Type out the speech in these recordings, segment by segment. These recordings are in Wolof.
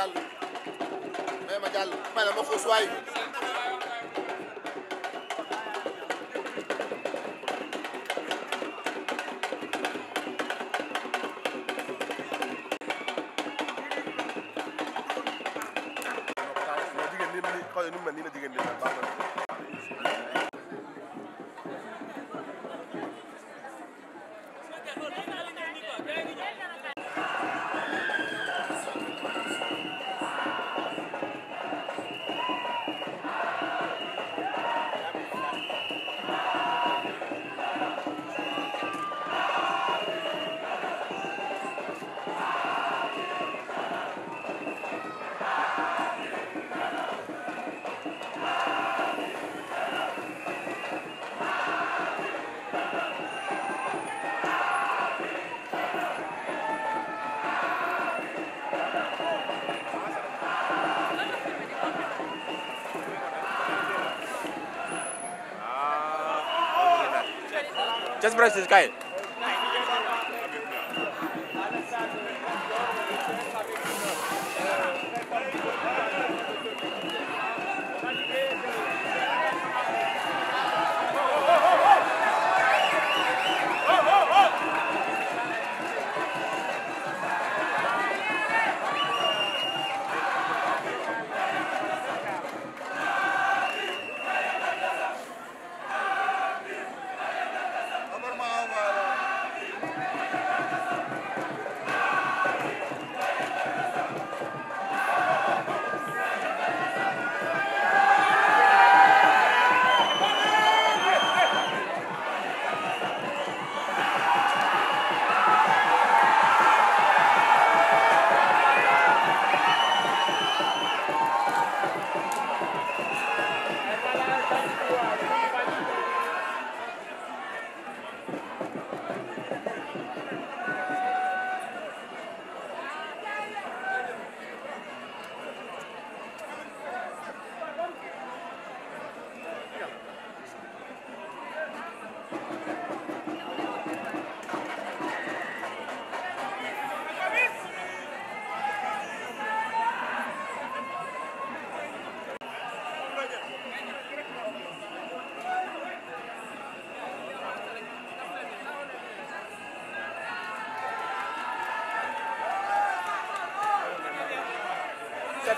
jàll may ma jàll may la ma xuus waay xoolal nu mu mel nii la jigéen ñi baax na Just practice, guy.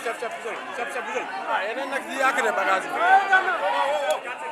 cap cap bu sol cap cap bu sol ah yéen a nag di yàq de bagage bi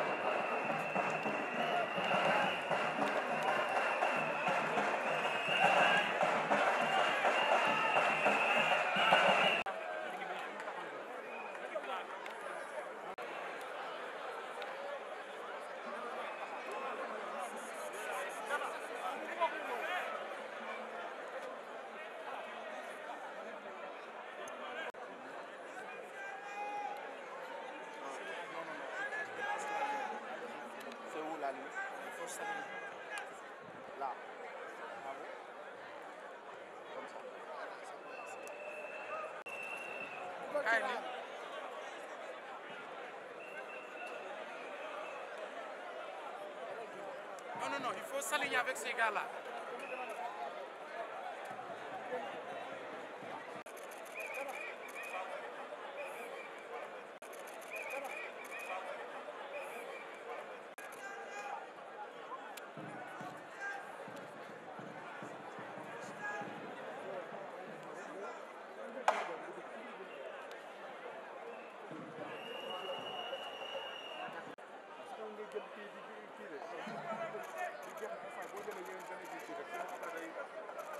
kaay ni non non non il faut s'aligner avec ces kii bi kii de